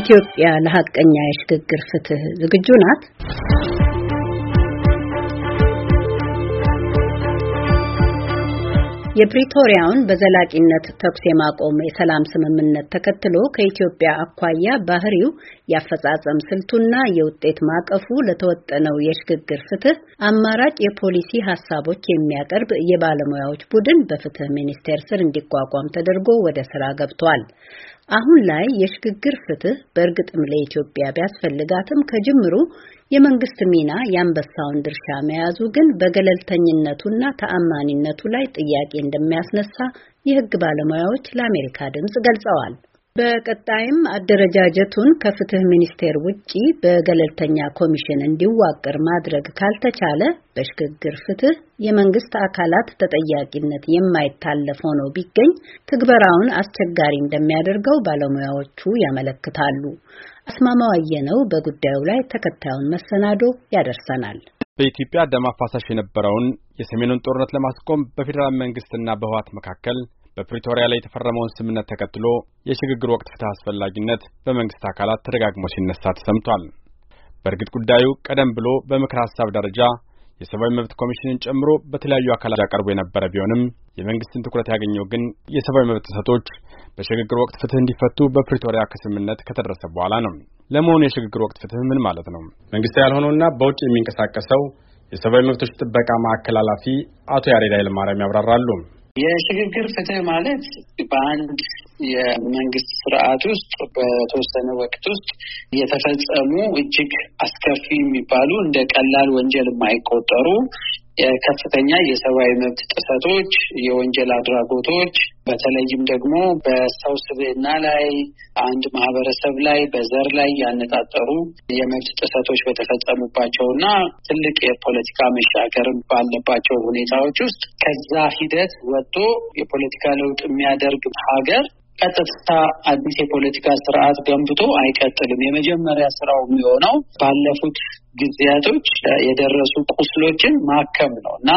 ኢትዮጵያ ለሀቀኛ የሽግግር ፍትህ ዝግጁ ናት? የፕሪቶሪያውን በዘላቂነት ተኩስ የማቆም የሰላም ስምምነት ተከትሎ ከኢትዮጵያ አኳያ ባህሪው የአፈጻጸም ስልቱና የውጤት ማቀፉ ለተወጠነው የሽግግር ፍትህ አማራጭ የፖሊሲ ሀሳቦች የሚያቀርብ የባለሙያዎች ቡድን በፍትህ ሚኒስቴር ስር እንዲቋቋም ተደርጎ ወደ ስራ ገብቷል። አሁን ላይ የሽግግር ፍትህ በእርግጥም ለኢትዮጵያ ቢያስፈልጋትም ከጅምሩ የመንግስት ሚና የአንበሳውን ድርሻ መያዙ ግን በገለልተኝነቱና ተአማኒነቱ ላይ ጥያቄ እንደሚያስነሳ የህግ ባለሙያዎች ለአሜሪካ ድምፅ ገልጸዋል። በቀጣይም አደረጃጀቱን ከፍትህ ሚኒስቴር ውጪ በገለልተኛ ኮሚሽን እንዲዋቀር ማድረግ ካልተቻለ በሽግግር ፍትህ የመንግስት አካላት ተጠያቂነት የማይታለፍ ሆኖ ቢገኝ ትግበራውን አስቸጋሪ እንደሚያደርገው ባለሙያዎቹ ያመለክታሉ። አስማማው አየነው በጉዳዩ ላይ ተከታዩን መሰናዶ ያደርሰናል። በኢትዮጵያ ደም አፋሳሽ የነበረውን የሰሜኑን ጦርነት ለማስቆም በፌዴራል መንግስትና በህወሓት መካከል በፕሪቶሪያ ላይ የተፈረመውን ስምምነት ተከትሎ የሽግግር ወቅት ፍትህ አስፈላጊነት በመንግስት አካላት ተደጋግሞ ሲነሳ ተሰምቷል። በእርግጥ ጉዳዩ ቀደም ብሎ በምክር ሀሳብ ደረጃ የሰብአዊ መብት ኮሚሽንን ጨምሮ በተለያዩ አካላት ያቀርቡ የነበረ ቢሆንም የመንግስትን ትኩረት ያገኘው ግን የሰብአዊ መብት ጥሰቶች በሽግግር ወቅት ፍትህ እንዲፈቱ በፕሪቶሪያ ስምምነት ከተደረሰ በኋላ ነው። ለመሆኑ የሽግግር ወቅት ፍትህ ምን ማለት ነው? መንግስት ያልሆነውና በውጭ የሚንቀሳቀሰው የሰብአዊ መብቶች ጥበቃ ማዕከል ኃላፊ አቶ ያሬድ ኃይለማርያም ያብራራሉ። የሽግግር ፍትህ ማለት በአንድ የመንግስት ስርዓት ውስጥ በተወሰነ ወቅት ውስጥ የተፈጸሙ እጅግ አስከፊ የሚባሉ እንደ ቀላል ወንጀል የማይቆጠሩ ከፍተኛ የሰብአዊ መብት ጥሰቶች፣ የወንጀል አድራጎቶች በተለይም ደግሞ በሰው ስብዕና ላይ አንድ ማህበረሰብ ላይ በዘር ላይ ያነጣጠሩ የመብት ጥሰቶች በተፈጸሙባቸው እና ትልቅ የፖለቲካ መሻገር ባለባቸው ሁኔታዎች ውስጥ ከዛ ሂደት ወጥቶ የፖለቲካ ለውጥ የሚያደርግ ሀገር ቀጥታ አዲስ የፖለቲካ ስርዓት ገንብቶ አይቀጥልም። የመጀመሪያ ስራው የሚሆነው ባለፉት ጊዜያቶች የደረሱ ቁስሎችን ማከም ነው እና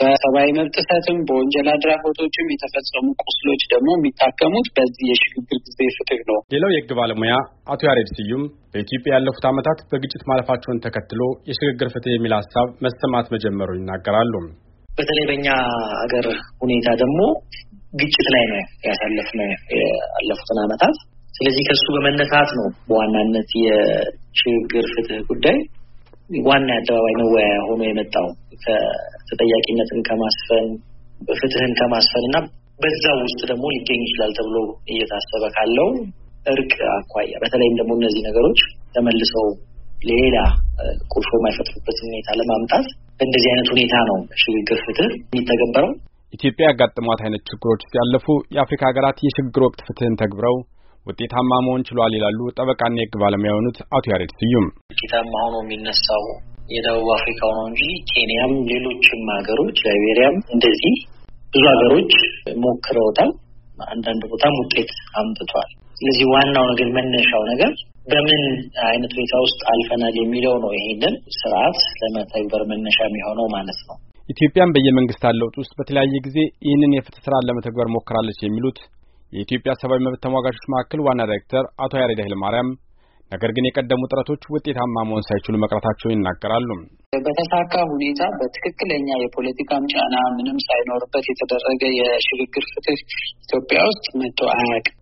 በሰብአዊ መብት ጥሰትም በወንጀል አድራጎቶችም የተፈጸሙ ቁስሎች ደግሞ የሚታከሙት በዚህ የሽግግር ጊዜ ፍትህ ነው። ሌላው የህግ ባለሙያ አቶ ያሬድ ስዩም በኢትዮጵያ ያለፉት ዓመታት በግጭት ማለፋቸውን ተከትሎ የሽግግር ፍትህ የሚል ሀሳብ መሰማት መጀመሩ ይናገራሉ። በተለይ በእኛ ሀገር ሁኔታ ደግሞ ግጭት ላይ ነው ያሳለፍነ ያለፉትን አመታት ስለዚህ ከሱ በመነሳት ነው በዋናነት የሽግግር ፍትህ ጉዳይ ዋና የአደባባይ መወያያ ሆኖ የመጣው ከተጠያቂነትን ከማስፈን ፍትህን ከማስፈን እና በዛ ውስጥ ደግሞ ሊገኝ ይችላል ተብሎ እየታሰበ ካለው እርቅ አኳያ በተለይም ደግሞ እነዚህ ነገሮች ተመልሰው ሌላ ቁርሾ የማይፈጥሩበትን ሁኔታ ለማምጣት እንደዚህ አይነት ሁኔታ ነው ሽግግር ፍትህ የሚተገበረው። ኢትዮጵያ ያጋጥሟት አይነት ችግሮች ውስጥ ያለፉ የአፍሪካ ሀገራት የሽግግር ወቅት ፍትህን ተግብረው ውጤታማ መሆን ችሏል ይላሉ ጠበቃና የህግ ባለሙያ የሆኑት አቶ ያሬድ ስዩም። ውጤታማ ሆኖ የሚነሳው የደቡብ አፍሪካው ነው እንጂ ኬንያም፣ ሌሎችም ሀገሮች ላይቤሪያም እንደዚህ ብዙ ሀገሮች ሞክረውታል። አንዳንድ ቦታም ውጤት አምጥቷል። ስለዚህ ዋናው ነገር መነሻው ነገር በምን አይነት ሁኔታ ውስጥ አልፈናል የሚለው ነው። ይሄንን ስርዓት ለመተግበር መነሻ የሚሆነው ማለት ነው። ኢትዮጵያን በየመንግስታት ለውጥ ውስጥ በተለያየ ጊዜ ይህንን የፍትህ ስራ ለመተግበር ሞክራለች የሚሉት የኢትዮጵያ ሰብአዊ መብት ተሟጋቾች መካከል ዋና ዳይሬክተር አቶ ያሬድ ኃይለማርያም ነገር ግን የቀደሙ ጥረቶች ውጤታማ መሆን ሳይችሉ መቅረታቸውን ይናገራሉ። በተሳካ ሁኔታ በትክክለኛ የፖለቲካም ጫና ምንም ሳይኖርበት የተደረገ የሽግግር ፍትህ ኢትዮጵያ ውስጥ መቶ አያውቅም።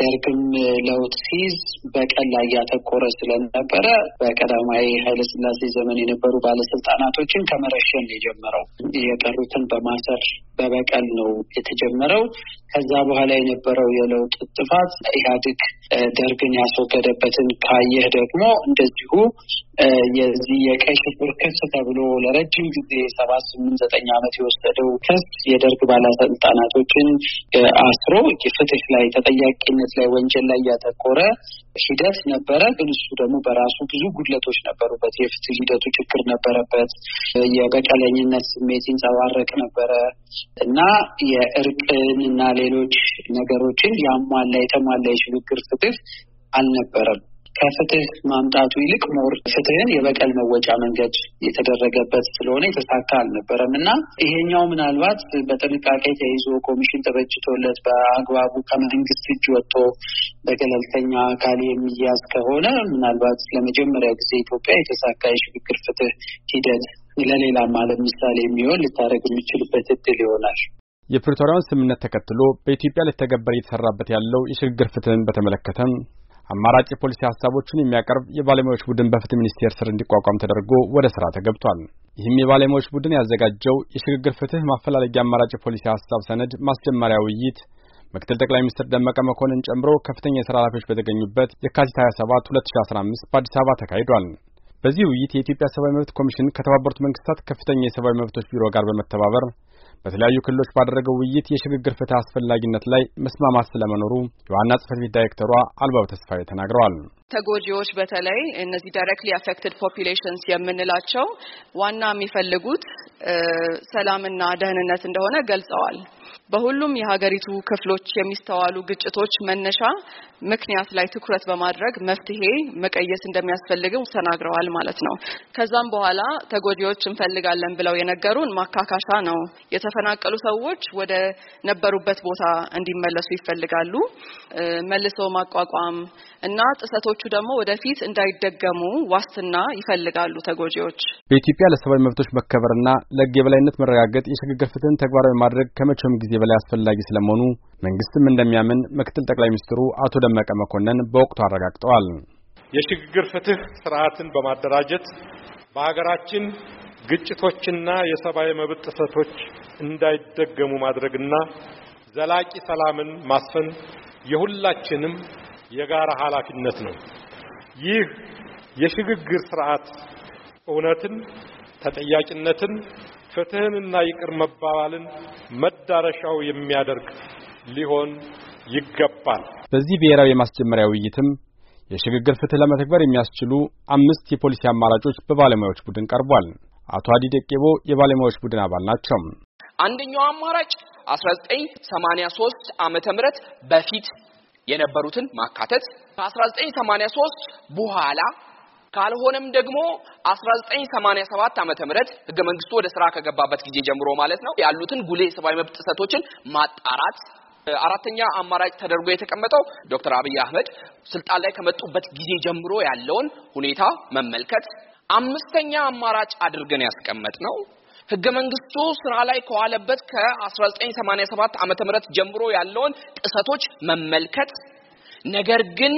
ደርግም ለውጥ ሲይዝ በቀል ላይ ያተኮረ ስለነበረ በቀዳማዊ ኃይለስላሴ ዘመን የነበሩ ባለስልጣናቶችን ከመረሸን የጀመረው የቀሩትን በማሰር በበቀል ነው የተጀመረው። ከዛ በኋላ የነበረው የለውጥ ጥፋት ኢህአዴግ ደርግን ያስወገደበትን ካየህ ደግሞ እንደዚሁ የዚህ የቀይ ሽብር ክስ ተብሎ ለረጅም ጊዜ ሰባት ስምንት ዘጠኝ ዓመት የወሰደው ክስ የደርግ ባለስልጣናቶችን አስሮ ፍትህ ላይ ተጠያቂነት ላይ ወንጀል ላይ ያተኮረ ሂደት ነበረ። ግን እሱ ደግሞ በራሱ ብዙ ጉድለቶች ነበሩበት። የፍትህ ሂደቱ ችግር ነበረበት። የበቀለኝነት ስሜት ይንጸባረቅ ነበረ እና የእርቅን እና ሌሎች ነገሮችን ያሟላ የተሟላ የሽግግር ፍትህ አልነበረም። ከፍትህ ማምጣቱ ይልቅ ሞር ፍትህን የበቀል መወጫ መንገድ የተደረገበት ስለሆነ የተሳካ አልነበረም እና ይሄኛው ምናልባት በጥንቃቄ ተይዞ ኮሚሽን ተበጅቶለት በአግባቡ ከመንግስት እጅ ወጥቶ በገለልተኛ አካል የሚያዝ ከሆነ ምናልባት ለመጀመሪያ ጊዜ ኢትዮጵያ የተሳካ የሽግግር ፍትህ ሂደት ለሌላም ዓለም ምሳሌ የሚሆን ልታደረግ የሚችልበት እድል ይሆናል። የፕሪቶሪያውን ስምምነት ተከትሎ በኢትዮጵያ ሊተገበር እየተሰራበት ያለው የሽግግር ፍትህን በተመለከተም አማራጭ የፖሊሲ ሀሳቦችን የሚያቀርብ የባለሙያዎች ቡድን በፍትህ ሚኒስቴር ስር እንዲቋቋም ተደርጎ ወደ ስራ ተገብቷል። ይህም የባለሙያዎች ቡድን ያዘጋጀው የሽግግር ፍትህ ማፈላለጊያ አማራጭ የፖሊሲ ሀሳብ ሰነድ ማስጀመሪያ ውይይት ምክትል ጠቅላይ ሚኒስትር ደመቀ መኮንን ጨምሮ ከፍተኛ የስራ ኃላፊዎች በተገኙበት የካቲት 27 2015 በአዲስ አበባ ተካሂዷል። በዚህ ውይይት የኢትዮጵያ ሰብአዊ መብት ኮሚሽን ከተባበሩት መንግስታት ከፍተኛ የሰብአዊ መብቶች ቢሮ ጋር በመተባበር በተለያዩ ክልሎች ባደረገው ውይይት የሽግግር ፍትህ አስፈላጊነት ላይ መስማማት ስለመኖሩ የዋና ጽህፈት ቤት ዳይሬክተሯ አልባብ ተስፋዬ ተናግረዋል። ተጎጂዎች በተለይ እነዚህ ዳይሬክትሊ አፌክትድ ፖፒሌሽንስ የምንላቸው ዋና የሚፈልጉት ሰላምና ደህንነት እንደሆነ ገልጸዋል። በሁሉም የሀገሪቱ ክፍሎች የሚስተዋሉ ግጭቶች መነሻ ምክንያት ላይ ትኩረት በማድረግ መፍትሄ መቀየስ እንደሚያስፈልግም ተናግረዋል ማለት ነው። ከዛም በኋላ ተጎጂዎች እንፈልጋለን ብለው የነገሩን ማካካሻ ነው። የተፈናቀሉ ሰዎች ወደ ነበሩበት ቦታ እንዲመለሱ ይፈልጋሉ። መልሶ ማቋቋም እና ጥሰቶቹ ደግሞ ወደፊት እንዳይደገሙ ዋስትና ይፈልጋሉ ተጎጂዎች። በኢትዮጵያ ለሰብአዊ መብቶች መከበርና ለሕግ የበላይነት መረጋገጥ የሽግግር ፍትህን ተግባራዊ ማድረግ ከመቼውም ጊዜ በላይ አስፈላጊ ስለመሆኑ መንግስትም እንደሚያምን ምክትል ጠቅላይ ሚኒስትሩ አቶ ደመቀ መኮንን በወቅቱ አረጋግጠዋል። የሽግግር ፍትህ ስርዓትን በማደራጀት በሀገራችን ግጭቶችና የሰብአዊ መብት ጥሰቶች እንዳይደገሙ ማድረግና ዘላቂ ሰላምን ማስፈን የሁላችንም የጋራ ኃላፊነት ነው። ይህ የሽግግር ስርዓት እውነትን፣ ተጠያቂነትን፣ ፍትህንና ይቅር መባባልን መዳረሻው የሚያደርግ ሊሆን ይገባል። በዚህ ብሔራዊ የማስጀመሪያ ውይይትም የሽግግር ፍትህ ለመተግበር የሚያስችሉ አምስት የፖሊሲ አማራጮች በባለሙያዎች ቡድን ቀርቧል። አቶ አዲ ደቄቦ የባለሙያዎች ቡድን አባል ናቸው። አንደኛው አማራጭ 1983 ዓ.ም ምህረት በፊት የነበሩትን ማካተት ከ1983 በኋላ ካልሆነም ደግሞ 1987 ዓመተ ምህረት ህገ መንግስቱ ወደ ስራ ከገባበት ጊዜ ጀምሮ ማለት ነው ያሉትን ጉሌ ሰብአዊ መብት ጥሰቶችን ማጣራት አራተኛ አማራጭ ተደርጎ የተቀመጠው ዶክተር አብይ አህመድ ስልጣን ላይ ከመጡበት ጊዜ ጀምሮ ያለውን ሁኔታ መመልከት አምስተኛ አማራጭ አድርገን ያስቀመጥ ነው ህገ መንግስቱ ስራ ላይ ከዋለበት ከ1987 ዓመተ ምህረት ጀምሮ ያለውን ጥሰቶች መመልከት ነገር ግን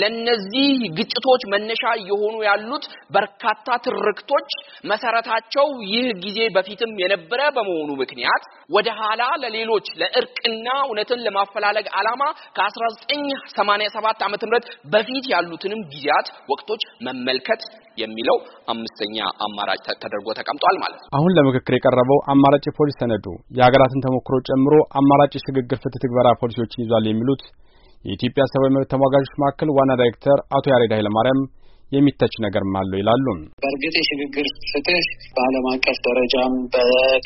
ለነዚህ ግጭቶች መነሻ እየሆኑ ያሉት በርካታ ትርክቶች መሰረታቸው ይህ ጊዜ በፊትም የነበረ በመሆኑ ምክንያት ወደ ኋላ ለሌሎች ለእርቅና እውነትን ለማፈላለግ ዓላማ ከ1987 ዓመተ ምህረት በፊት ያሉትንም ጊዜያት ወቅቶች መመልከት የሚለው አምስተኛ አማራጭ ተደርጎ ተቀምጧል ማለት ነው። አሁን ለምክክር የቀረበው አማራጭ የፖሊስ ሰነዱ የሀገራትን ተሞክሮ ጨምሮ አማራጭ የሽግግር ፍትህ ትግበራ ፖሊሲዎችን ይዟል የሚሉት የኢትዮጵያ ሰብአዊ መብት ተሟጋቾች ማዕከል ዋና ዳይሬክተር አቶ ያሬድ ኃይለማርያም የሚተች ነገር አለው ይላሉ። በእርግጥ የሽግግር ፍትህ በዓለም አቀፍ ደረጃም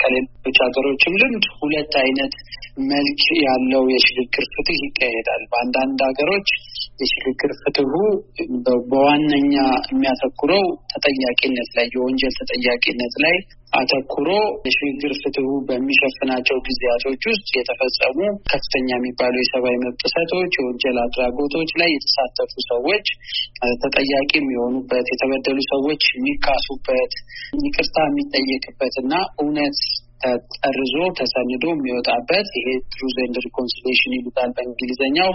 ከሌሎች ሀገሮችም ልምድ ሁለት አይነት መልክ ያለው የሽግግር ፍትህ ይካሄዳል። በአንዳንድ ሀገሮች የሽግግር ፍትሁ በዋነኛ የሚያተኩረው ተጠያቂነት ላይ የወንጀል ተጠያቂነት ላይ አተኩሮ የሽግግር ፍትሁ በሚሸፍናቸው ጊዜያቶች ውስጥ የተፈጸሙ ከፍተኛ የሚባሉ የሰብአዊ መብት ጥሰቶች፣ የወንጀል አድራጎቶች ላይ የተሳተፉ ሰዎች ተጠያቂ የሚሆኑበት፣ የተበደሉ ሰዎች የሚካሱበት፣ ይቅርታ የሚጠየቅበት እና እውነት ተጠርዞ ተሰንዶ የሚወጣበት ይሄ ትሩዝ ኤንድ ሪኮንሲሌሽን ይሉታል በእንግሊዝኛው።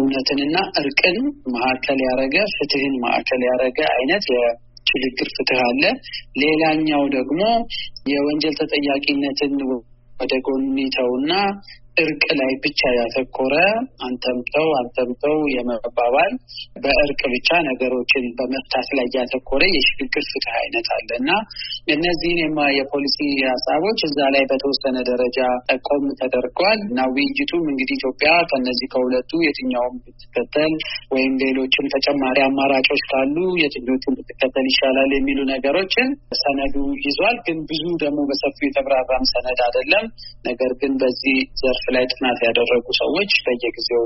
እውነትንና እርቅን ማዕከል ያደረገ ፍትህን ማዕከል ያደረገ አይነት የችግግር ፍትህ አለ። ሌላኛው ደግሞ የወንጀል ተጠያቂነትን ወደ ጎን እርቅ ላይ ብቻ ያተኮረ አንተምተው አንተምተው የመባባል በእርቅ ብቻ ነገሮችን በመፍታት ላይ ያተኮረ የሽግግር ፍትህ አይነት አለ እና እነዚህን የፖሊሲ ሀሳቦች እዛ ላይ በተወሰነ ደረጃ ጠቆም ተደርጓል እና ውይይቱም እንግዲህ ኢትዮጵያ ከነዚህ ከሁለቱ የትኛውም ብትከተል ወይም ሌሎችም ተጨማሪ አማራጮች ካሉ የትኞቹን ብትከተል ይሻላል የሚሉ ነገሮችን ሰነዱ ይዟል። ግን ብዙ ደግሞ በሰፊው የተብራራም ሰነድ አይደለም። ነገር ግን በዚህ ዘር ዘርፍ ላይ ጥናት ያደረጉ ሰዎች በየጊዜው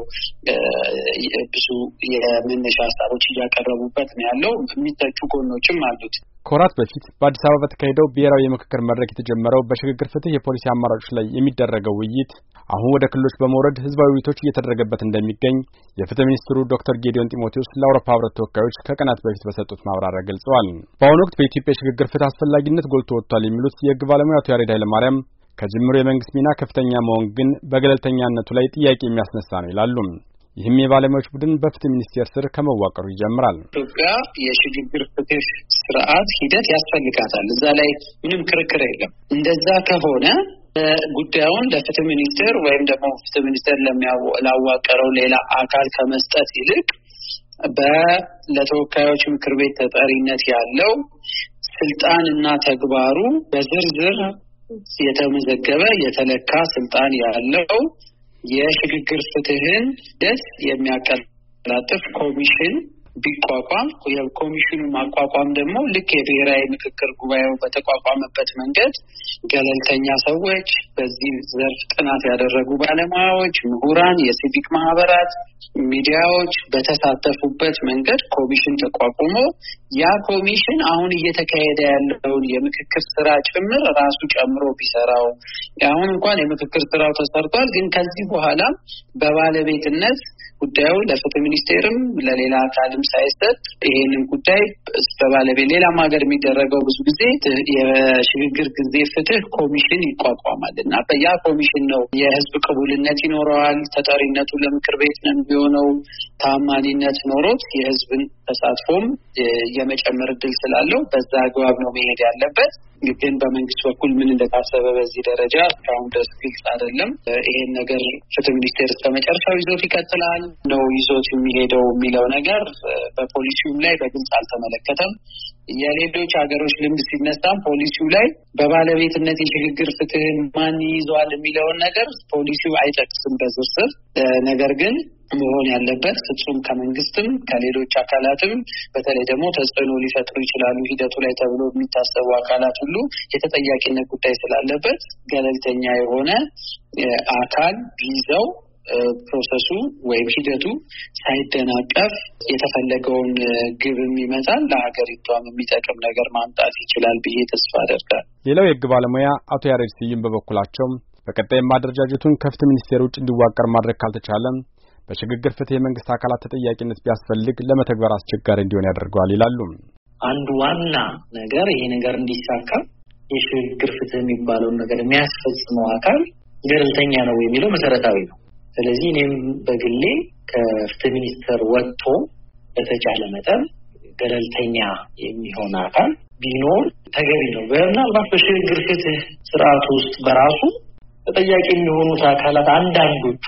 ብዙ የመነሻ ሀሳቦች እያቀረቡበት ነው ያለው። የሚተቹ ጎኖችም አሉት። ከወራት በፊት በአዲስ አበባ በተካሄደው ብሔራዊ የምክክር መድረክ የተጀመረው በሽግግር ፍትህ የፖሊሲ አማራጮች ላይ የሚደረገው ውይይት አሁን ወደ ክልሎች በመውረድ ህዝባዊ ውይይቶች እየተደረገበት እንደሚገኝ የፍትህ ሚኒስትሩ ዶክተር ጌዲዮን ጢሞቴዎስ ለአውሮፓ ህብረት ተወካዮች ከቀናት በፊት በሰጡት ማብራሪያ ገልጸዋል። በአሁኑ ወቅት በኢትዮጵያ የሽግግር ፍትህ አስፈላጊነት ጎልቶ ወጥቷል የሚሉት የህግ ባለሙያ አቶ ያሬድ ኃይለማርያም ከጅምሩ የመንግስት ሚና ከፍተኛ መሆን ግን በገለልተኛነቱ ላይ ጥያቄ የሚያስነሳ ነው ይላሉ። ይህም የባለሙያዎች ቡድን በፍትህ ሚኒስቴር ስር ከመዋቀሩ ይጀምራል። ኢትዮጵያ የሽግግር ፍትህ ስርዓት ሂደት ያስፈልጋታል። እዛ ላይ ምንም ክርክር የለም። እንደዛ ከሆነ ጉዳዩን ለፍትህ ሚኒስቴር ወይም ደግሞ ፍትህ ሚኒስቴር ላዋቀረው ሌላ አካል ከመስጠት ይልቅ ለተወካዮች ምክር ቤት ተጠሪነት ያለው ስልጣን እና ተግባሩ በዝርዝር የተመዘገበ የተለካ ስልጣን ያለው የሽግግር ፍትህን ደስ የሚያቀላጥፍ ኮሚሽን ቢቋቋም የኮሚሽኑ ማቋቋም ደግሞ ልክ የብሔራዊ ምክክር ጉባኤው በተቋቋመበት መንገድ ገለልተኛ ሰዎች፣ በዚህ ዘርፍ ጥናት ያደረጉ ባለሙያዎች፣ ምሁራን፣ የሲቪክ ማህበራት፣ ሚዲያዎች በተሳተፉበት መንገድ ኮሚሽን ተቋቁሞ ያ ኮሚሽን አሁን እየተካሄደ ያለውን የምክክር ስራ ጭምር ራሱ ጨምሮ ቢሰራው አሁን እንኳን የምክክር ስራው ተሰርቷል፣ ግን ከዚህ በኋላ በባለቤትነት ጉዳዩ ለፍትህ ሚኒስቴርም ለሌላ አካልም ሳይሰጥ ይሄንን ጉዳይ በባለቤት ሌላም ሀገር የሚደረገው ብዙ ጊዜ የሽግግር ጊዜ ፍትህ ኮሚሽን ይቋቋማል እና በያ ኮሚሽን ነው የህዝብ ቅቡልነት ይኖረዋል። ተጠሪነቱ ለምክር ቤት ነው የሚሆነው። ታማኒነት ኖሮት የህዝብን ተሳትፎም የመጨመር እድል ስላለው በዛ አግባብ ነው መሄድ ያለበት። ግን በመንግስት በኩል ምን እንደታሰበ በዚህ ደረጃ እስካሁን ድረስ ግልጽ አይደለም። ይሄን ነገር ፍትህ ሚኒስቴር እስከ መጨረሻው ይዞት ይቀጥላል ነው ይዞት የሚሄደው የሚለው ነገር በፖሊሲውም ላይ በግልጽ አልተመለከተም። የሌሎች ሀገሮች ልምድ ሲነሳም ፖሊሲው ላይ በባለቤትነት የሽግግር ፍትህን ማን ይዟል የሚለውን ነገር ፖሊሲው አይጠቅስም በዝርዝር ነገር ግን መሆን ያለበት ፍጹም ከመንግስትም ከሌሎች አካላትም በተለይ ደግሞ ተጽዕኖ ሊፈጥሩ ይችላሉ ሂደቱ ላይ ተብሎ የሚታሰቡ አካላት ሁሉ የተጠያቂነት ጉዳይ ስላለበት ገለልተኛ የሆነ አካል ቢይዘው ፕሮሰሱ ወይም ሂደቱ ሳይደናቀፍ የተፈለገውን ግብም ይመጣል፣ ለሀገሪቷም የሚጠቅም ነገር ማምጣት ይችላል ብዬ ተስፋ አደርጋል። ሌላው የህግ ባለሙያ አቶ ያሬድ ስዩም በበኩላቸው በቀጣይም አደረጃጀቱን ከፍት ሚኒስቴር ውጭ እንዲዋቀር ማድረግ ካልተቻለም በሽግግር ፍትህ የመንግስት አካላት ተጠያቂነት ቢያስፈልግ ለመተግበር አስቸጋሪ እንዲሆን ያደርገዋል ይላሉ። አንድ ዋና ነገር ይሄ ነገር እንዲሳካ የሽግግር ፍትህ የሚባለውን ነገር የሚያስፈጽመው አካል ገለልተኛ ነው የሚለው መሰረታዊ ነው። ስለዚህ እኔም በግሌ ከፍትህ ሚኒስቴር ወጥቶ በተቻለ መጠን ገለልተኛ የሚሆን አካል ቢኖር ተገቢ ነው። ምናልባት በሽግግር ፍትህ ስርዓት ውስጥ በራሱ ተጠያቂ የሚሆኑት አካላት አንዳንዶቹ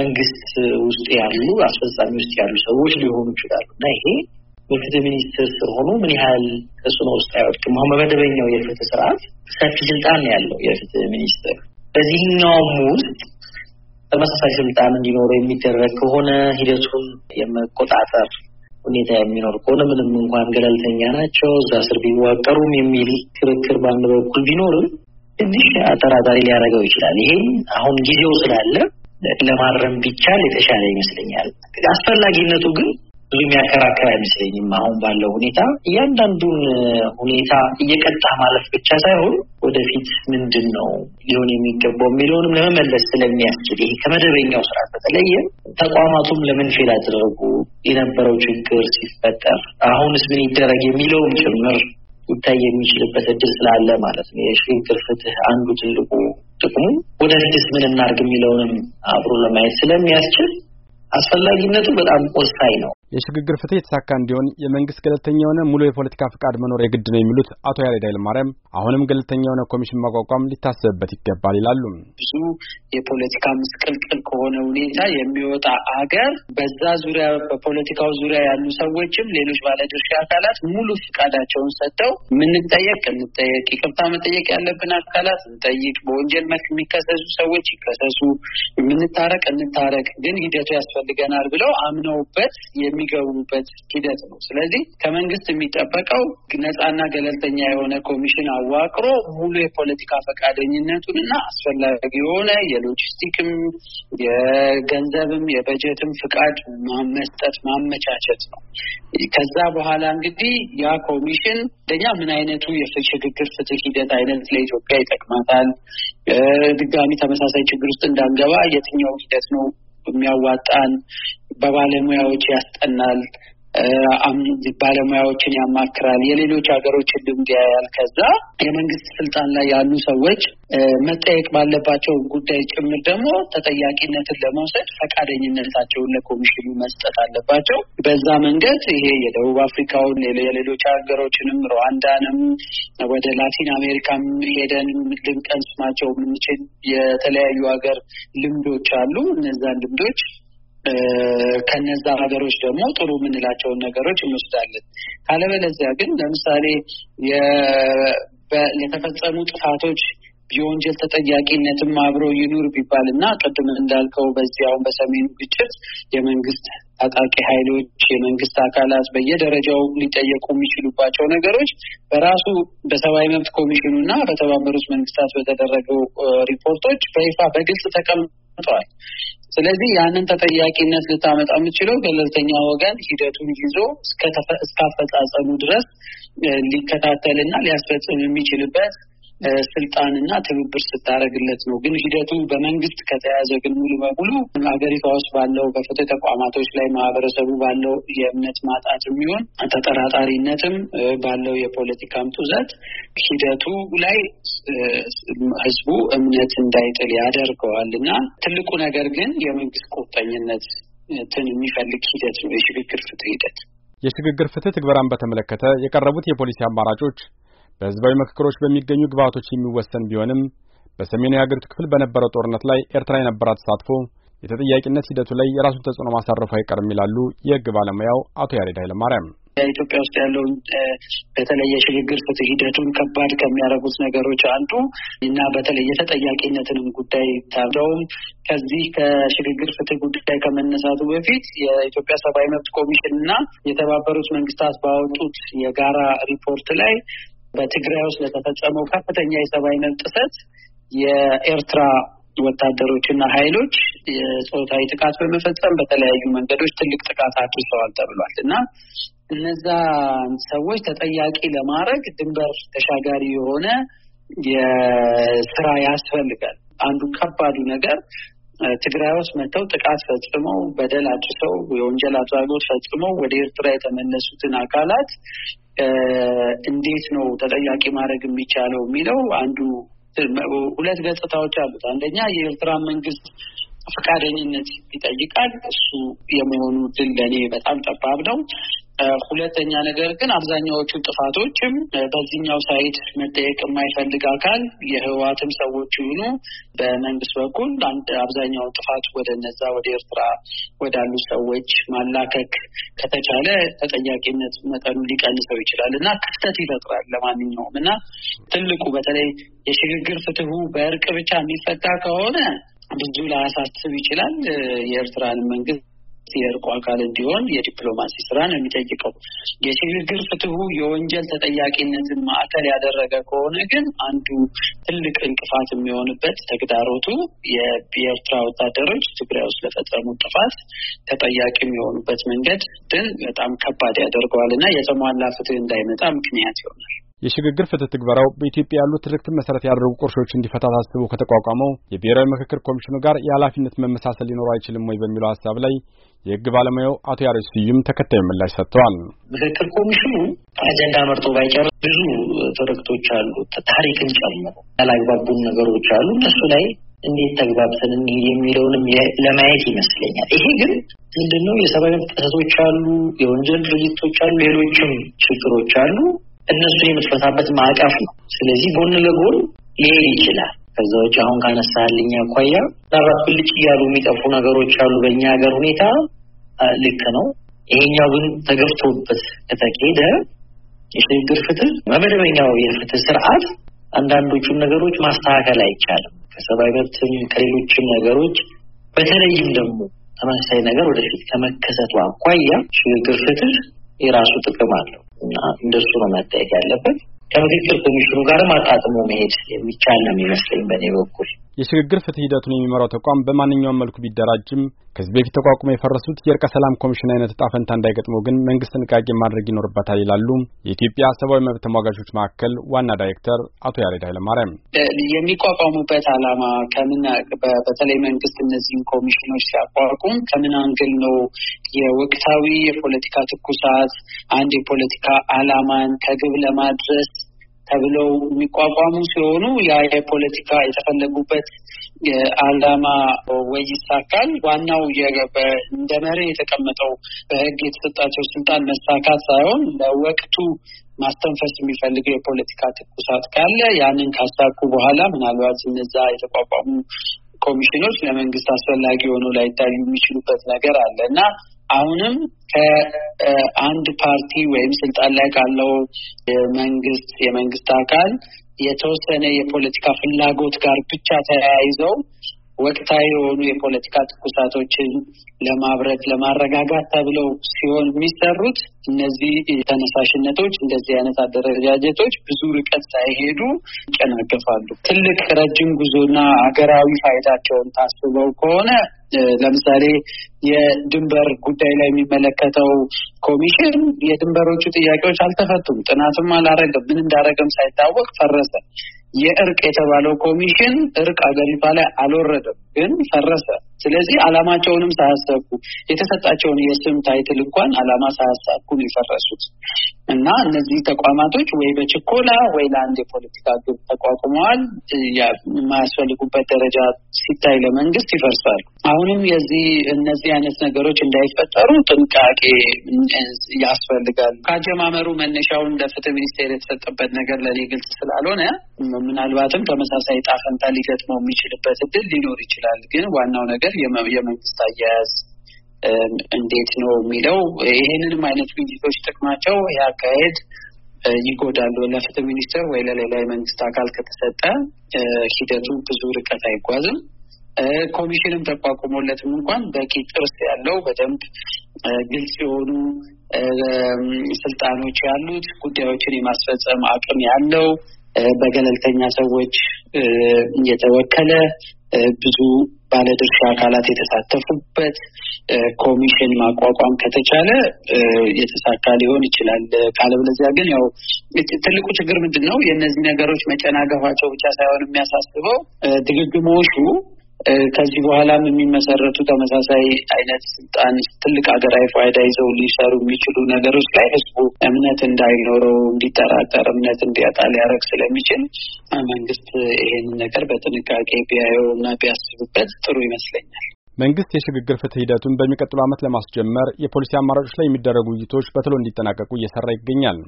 መንግስት ውስጥ ያሉ አስፈጻሚ ውስጥ ያሉ ሰዎች ሊሆኑ ይችላሉ እና ይሄ የፍትህ ሚኒስትር ስር ሆኖ ምን ያህል ተጽዕኖ ውስጥ አይወድቅም? አሁን በመደበኛው የፍትህ ስርዓት ሰፊ ስልጣን ያለው የፍትህ ሚኒስትር በዚህኛውም ውስጥ ተመሳሳይ ስልጣን እንዲኖረው የሚደረግ ከሆነ ሂደቱን የመቆጣጠር ሁኔታ የሚኖር ከሆነ ምንም እንኳን ገለልተኛ ናቸው እዛ ስር ቢዋቀሩም የሚል ክርክር በአንድ በኩል ቢኖርም ትንሽ አጠራጣሪ ሊያደርገው ይችላል። ይሄም አሁን ጊዜው ስላለ ለማረም ቢቻል የተሻለ ይመስለኛል። አስፈላጊነቱ ግን ብዙ የሚያከራከር አይመስለኝም። አሁን ባለው ሁኔታ እያንዳንዱን ሁኔታ እየቀጣ ማለፍ ብቻ ሳይሆን ወደፊት ምንድን ነው ሊሆን የሚገባው የሚለውንም ለመመለስ ስለሚያስችል ይሄ ከመደበኛው ስርዓት በተለየ ተቋማቱም ለምን ፌል አደረጉ፣ የነበረው ችግር ሲፈጠር አሁንስ ምን ይደረግ የሚለውም ጭምር ይታይ የሚችልበት እድል ስላለ ማለት ነው። የሽግግር ፍትህ አንዱ ትልቁ ጥቅሙ ወደፊትስ ምን እናድርግ የሚለውንም አብሮ ለማየት ስለሚያስችል አስፈላጊነቱ በጣም ወሳኝ ነው። የሽግግር ፍትህ የተሳካ እንዲሆን የመንግስት ገለልተኛ የሆነ ሙሉ የፖለቲካ ፍቃድ መኖር የግድ ነው የሚሉት አቶ ያሬድ ኃይለማርያም አሁንም ገለልተኛ የሆነ ኮሚሽን ማቋቋም ሊታሰብበት ይገባል ይላሉ። ብዙ የፖለቲካ ምስቅልቅል ከሆነ ሁኔታ የሚወጣ አገር፣ በዛ ዙሪያ በፖለቲካው ዙሪያ ያሉ ሰዎችም ሌሎች ባለድርሻ አካላት ሙሉ ፍቃዳቸውን ሰጥተው የምንጠየቅ እንጠየቅ፣ ይቅርታ መጠየቅ ያለብን አካላት እንጠይቅ፣ በወንጀል መልክ የሚከሰሱ ሰዎች ይከሰሱ፣ የምንታረቅ እንታረቅ፣ ግን ሂደቱ ያስፈልገናል ብለው አምነውበት የሚ የሚገቡበት ሂደት ነው። ስለዚህ ከመንግስት የሚጠበቀው ነፃና ገለልተኛ የሆነ ኮሚሽን አዋቅሮ ሙሉ የፖለቲካ ፈቃደኝነቱን እና አስፈላጊ የሆነ የሎጂስቲክም የገንዘብም የበጀትም ፍቃድ መስጠት ማመቻቸት ነው። ከዛ በኋላ እንግዲህ ያ ኮሚሽን እንደኛ ምን አይነቱ የሽግግር ፍትህ ሂደት አይነት ለኢትዮጵያ ይጠቅማታል፣ ድጋሚ ተመሳሳይ ችግር ውስጥ እንዳንገባ የትኛው ሂደት ነው የሚያዋጣን በባለሙያዎች ያስጠናል፣ ባለሙያዎችን ያማክራል፣ የሌሎች ሀገሮችን ልምድ ያያል። ከዛ የመንግስት ስልጣን ላይ ያሉ ሰዎች መጠየቅ ባለባቸው ጉዳይ ጭምር ደግሞ ተጠያቂነትን ለመውሰድ ፈቃደኝነታቸውን ለኮሚሽኑ መስጠት አለባቸው። በዛ መንገድ ይሄ የደቡብ አፍሪካውን የሌሎች ሀገሮችንም ሩዋንዳንም ወደ ላቲን አሜሪካም ሄደን ልንቀንስማቸው ስማቸው የምንችል የተለያዩ ሀገር ልምዶች አሉ። እነዛን ልምዶች ከነዛ ነገሮች ደግሞ ጥሩ የምንላቸውን ነገሮች እንወስዳለን። ካለበለዚያ ግን ለምሳሌ የተፈጸሙ ጥፋቶች የወንጀል ተጠያቂነትም አብሮ ይኑር ቢባል እና ቅድም እንዳልከው በዚህ አሁን በሰሜኑ ግጭት የመንግስት ታጣቂ ኃይሎች የመንግስት አካላት በየደረጃው ሊጠየቁ የሚችሉባቸው ነገሮች በራሱ በሰብአዊ መብት ኮሚሽኑ እና በተባበሩት መንግስታት በተደረገው ሪፖርቶች በይፋ በግልጽ ተቀምጠ ተቀምጠዋል። ስለዚህ ያንን ተጠያቂነት ልታመጣ የምትችለው ገለልተኛ ወገን ሂደቱን ይዞ እስካፈጻጸሙ ድረስ ሊከታተልና ሊያስፈጽም የሚችልበት ስልጣንና ትብብር ስታደረግለት ነው። ግን ሂደቱ በመንግስት ከተያዘ ግን ሙሉ በሙሉ ሀገሪቷ ውስጥ ባለው በፍትህ ተቋማቶች ላይ ማህበረሰቡ ባለው የእምነት ማጣት የሚሆን ተጠራጣሪነትም ባለው የፖለቲካም ጡዘት ሂደቱ ላይ ህዝቡ እምነት እንዳይጥል ያደርገዋል እና ትልቁ ነገር ግን የመንግስት ቁርጠኝነት ትን የሚፈልግ ሂደት ነው የሽግግር ፍትህ ሂደት። የሽግግር ፍትህ ትግበራን በተመለከተ የቀረቡት የፖሊሲ አማራጮች በህዝባዊ ምክክሮች በሚገኙ ግብዓቶች የሚወሰን ቢሆንም በሰሜኑ የአገሪቱ ክፍል በነበረው ጦርነት ላይ ኤርትራ የነበራት ተሳትፎ የተጠያቂነት ሂደቱ ላይ የራሱን ተጽዕኖ ማሳረፉ አይቀርም ይላሉ የሕግ ባለሙያው አቶ ያሬድ ኃይለማርያም። ኢትዮጵያ ውስጥ ያለውን በተለየ የሽግግር ፍትህ ሂደቱን ከባድ ከሚያደርጉት ነገሮች አንዱ እና በተለይ የተጠያቂነትንም ጉዳይ ታብረውም ከዚህ ከሽግግር ፍትህ ጉዳይ ከመነሳቱ በፊት የኢትዮጵያ ሰብአዊ መብት ኮሚሽን እና የተባበሩት መንግስታት ባወጡት የጋራ ሪፖርት ላይ በትግራይ ውስጥ ለተፈጸመው ከፍተኛ የሰብአዊ መብት ጥሰት የኤርትራ ወታደሮችና ኃይሎች የጾታዊ ጥቃት በመፈጸም በተለያዩ መንገዶች ትልቅ ጥቃት አድርሰዋል ተብሏል እና እነዛ ሰዎች ተጠያቂ ለማድረግ ድንበር ተሻጋሪ የሆነ የስራ ያስፈልጋል። አንዱ ከባዱ ነገር ትግራይ ውስጥ መጥተው ጥቃት ፈጽመው በደል አድርሰው የወንጀል አድራጎት ፈጽመው ወደ ኤርትራ የተመለሱትን አካላት እንዴት ነው ተጠያቂ ማድረግ የሚቻለው የሚለው አንዱ ሁለት ገጽታዎች አሉት። አንደኛ የኤርትራ መንግስት ፈቃደኝነት ይጠይቃል። እሱ የመሆኑ ድል ለእኔ በጣም ጠባብ ነው። ሁለተኛ ነገር ግን አብዛኛዎቹ ጥፋቶችም በዚህኛው ሳይድ መጠየቅ የማይፈልግ አካል የህወሓትም ሰዎች ይሁኑ በመንግስት በኩል አብዛኛው ጥፋት ወደ እነዛ ወደ ኤርትራ ወዳሉ ሰዎች ማላከክ ከተቻለ ተጠያቂነት መጠኑ ሊቀንሰው ይችላል እና ክፍተት ይፈጥራል ለማንኛውም እና ትልቁ በተለይ የሽግግር ፍትሁ በእርቅ ብቻ የሚፈታ ከሆነ ብዙ ላያሳስብ ይችላል የኤርትራን መንግስት የእርቁ አካል እንዲሆን የዲፕሎማሲ ስራ ነው የሚጠይቀው። የሽግግር ፍትሁ የወንጀል ተጠያቂነትን ማዕከል ያደረገ ከሆነ ግን አንዱ ትልቅ እንቅፋት የሚሆንበት ተግዳሮቱ የኤርትራ ወታደሮች ትግራይ ውስጥ ለፈጸሙ ጥፋት ተጠያቂ የሚሆኑበት መንገድ ግን በጣም ከባድ ያደርገዋል እና የተሟላ ፍትህ እንዳይመጣ ምክንያት ይሆናል። የሽግግር ፍትህ ትግበራው በኢትዮጵያ ያሉ ትርክትን መሰረት ያደረጉ ቁርሾች እንዲፈታ ታስቦ ከተቋቋመው የብሔራዊ ምክክር ኮሚሽኑ ጋር የኃላፊነት መመሳሰል ሊኖረው አይችልም ወይ በሚለው ሀሳብ ላይ የሕግ ባለሙያው አቶ ያሬስ ስዩም ተከታዩ ምላሽ ሰጥተዋል። ምክክር ኮሚሽኑ አጀንዳ መርጦ ባይጨርስ ብዙ ትርክቶች አሉ፣ ታሪክን ጨምሮ ያላግባቡን ነገሮች አሉ። እነሱ ላይ እንዴት ተግባብተን እንሂድ የሚለውንም ለማየት ይመስለኛል። ይሄ ግን ምንድነው የሰብአዊ መብት ጥሰቶች አሉ፣ የወንጀል ድርጊቶች አሉ፣ ሌሎችም ችግሮች አሉ። እነሱ የምትፈታበት ማዕቀፍ ነው። ስለዚህ ጎን ለጎን ሊሄድ ይችላል። ከዛ ውጭ አሁን ካነሳልኝ አኳያ ለአራት ብልጭ እያሉ የሚጠፉ ነገሮች አሉ በእኛ ሀገር ሁኔታ ልክ ነው። ይሄኛው ግን ተገብቶበት ከተካሄደ የሽግግር ፍትህ በመደበኛው የፍትህ ስርዓት አንዳንዶቹን ነገሮች ማስተካከል አይቻልም። ከሰብአዊ መብትም ከሌሎችም ነገሮች በተለይም ደግሞ ተመሳሳይ ነገር ወደፊት ከመከሰቱ አኳያ ሽግግር ፍትህ የራሱ ጥቅም አለው። እና እንደሱ ነው መታየት ያለበት። ከምክክር ኮሚሽኑ ጋርም አጣጥሞ መሄድ የሚቻል ነው የሚመስለኝ በእኔ በኩል። የሽግግር ፍትህ ሂደቱን የሚመራው ተቋም በማንኛውም መልኩ ቢደራጅም ከዚህ በፊት ተቋቁሞ የፈረሱት የእርቀ ሰላም ኮሚሽን አይነት ዕጣ ፈንታ እንዳይገጥመው ግን መንግስት ጥንቃቄ ማድረግ ይኖርበታል ይላሉ የኢትዮጵያ ሰብአዊ መብት ተሟጋቾች ማዕከል ዋና ዳይሬክተር አቶ ያሬድ ኃይለማርያም። የሚቋቋሙበት አላማ ከምን በተለይ መንግስት እነዚህን ኮሚሽኖች ሲያቋቁም ከምን አንግል ነው የወቅታዊ የፖለቲካ ትኩሳት አንድ የፖለቲካ አላማን ከግብ ለማድረስ ተብለው የሚቋቋሙ ሲሆኑ ያ የፖለቲካ የተፈለጉበት አላማ ወይ ይሳካል። ዋናው እንደ መሪ የተቀመጠው በህግ የተሰጣቸው ስልጣን መሳካት ሳይሆን ለወቅቱ ማስተንፈስ የሚፈልገው የፖለቲካ ትኩሳት ካለ ያንን ካሳኩ በኋላ ምናልባት እነዛ የተቋቋሙ ኮሚሽኖች ለመንግስት አስፈላጊ ሆኖ ላይታዩ የሚችሉበት ነገር አለ እና አሁንም ከአንድ ፓርቲ ወይም ስልጣን ላይ ካለው የመንግስት የመንግስት አካል የተወሰነ የፖለቲካ ፍላጎት ጋር ብቻ ተያይዘው ወቅታዊ የሆኑ የፖለቲካ ትኩሳቶችን ለማብረት ለማረጋጋት ተብለው ሲሆን የሚሰሩት እነዚህ ተነሳሽነቶች እንደዚህ አይነት አደረጃጀቶች ብዙ ርቀት ሳይሄዱ ይጨናገፋሉ። ትልቅ ረጅም ጉዞና ሀገራዊ ፋይዳቸውን ታስበው ከሆነ ለምሳሌ የድንበር ጉዳይ ላይ የሚመለከተው ኮሚሽን የድንበሮቹ ጥያቄዎች አልተፈቱም፣ ጥናትም አላረገም፣ ምን እንዳረገም ሳይታወቅ ፈረሰ። የእርቅ የተባለው ኮሚሽን እርቅ አገሪቷ ላይ አልወረደም። ግን ፈረሰ። ስለዚህ አላማቸውንም ሳያሰቡ የተሰጣቸውን የስም ታይትል እንኳን አላማ ሳያሳኩ የፈረሱት እና እነዚህ ተቋማቶች ወይ በችኮላ ወይ ለአንድ የፖለቲካ ግብ ተቋቁመዋል። የማያስፈልጉበት ደረጃ ሲታይ ለመንግስት ይፈርሳሉ። አሁንም የዚህ እነዚህ አይነት ነገሮች እንዳይፈጠሩ ጥንቃቄ ያስፈልጋል። ከአጀማመሩ መነሻውን ለፍትህ ሚኒስቴር የተሰጠበት ነገር ለእኔ ግልጽ ስላልሆነ ምናልባትም ተመሳሳይ ጣፈንታ ሊገጥመው የሚችልበት እድል ሊኖር ይችላል። ይችላል። ግን ዋናው ነገር የመንግስት አያያዝ እንዴት ነው የሚለው ይሄንንም አይነት ግኝቶች ጥቅማቸው ይህ አካሄድ ይጎዳሉ ለፍትህ ሚኒስቴር ወይ ለሌላ የመንግስት አካል ከተሰጠ ሂደቱ ብዙ ርቀት አይጓዝም። ኮሚሽንም ተቋቁሞለትም እንኳን በቂ ጥርስ ያለው በደንብ ግልጽ የሆኑ ስልጣኖች ያሉት ጉዳዮችን የማስፈጸም አቅም ያለው በገለልተኛ ሰዎች እየተወከለ ብዙ ባለድርሻ አካላት የተሳተፉበት ኮሚሽን ማቋቋም ከተቻለ የተሳካ ሊሆን ይችላል። ካለበለዚያ ግን ያው ትልቁ ችግር ምንድን ነው? የእነዚህ ነገሮች መጨናገፋቸው ብቻ ሳይሆን የሚያሳስበው ድግግሞሹ ከዚህ በኋላም የሚመሰረቱ ተመሳሳይ አይነት ስልጣን ትልቅ ሀገራዊ ፋይዳ ይዘው ሊሰሩ የሚችሉ ነገሮች ላይ ህዝቡ እምነት እንዳይኖረው፣ እንዲጠራጠር፣ እምነት እንዲያጣ ሊያደርግ ስለሚችል መንግስት ይሄንን ነገር በጥንቃቄ ቢያየው እና ቢያስብበት ጥሩ ይመስለኛል። መንግስት የሽግግር ፍትህ ሂደቱን በሚቀጥለው ዓመት ለማስጀመር የፖሊሲ አማራጮች ላይ የሚደረጉ ውይይቶች በቶሎ እንዲጠናቀቁ እየሰራ ይገኛል።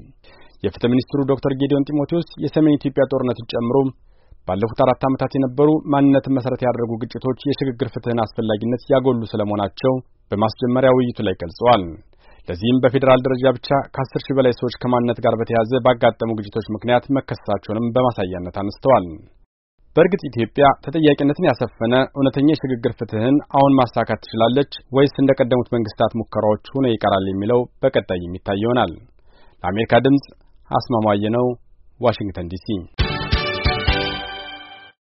የፍትህ ሚኒስትሩ ዶክተር ጌዲዮን ጢሞቴዎስ የሰሜን ኢትዮጵያ ጦርነትን ጨምሮ ባለፉት አራት ዓመታት የነበሩ ማንነትን መሰረት ያደረጉ ግጭቶች የሽግግር ፍትህን አስፈላጊነት ያጎሉ ስለመሆናቸው በማስጀመሪያ ውይይቱ ላይ ገልጸዋል። ለዚህም በፌዴራል ደረጃ ብቻ ከአስር ሺህ በላይ ሰዎች ከማንነት ጋር በተያያዘ ባጋጠሙ ግጭቶች ምክንያት መከሰሳቸውንም በማሳያነት አነስተዋል። በእርግጥ ኢትዮጵያ ተጠያቂነትን ያሰፈነ እውነተኛ የሽግግር ፍትህን አሁን ማሳካት ትችላለች ወይስ እንደ ቀደሙት መንግስታት ሙከራዎች ሆኖ ይቀራል የሚለው በቀጣይ የሚታይ ይሆናል። ለአሜሪካ ድምፅ አስማማየ ነው፣ ዋሽንግተን ዲሲ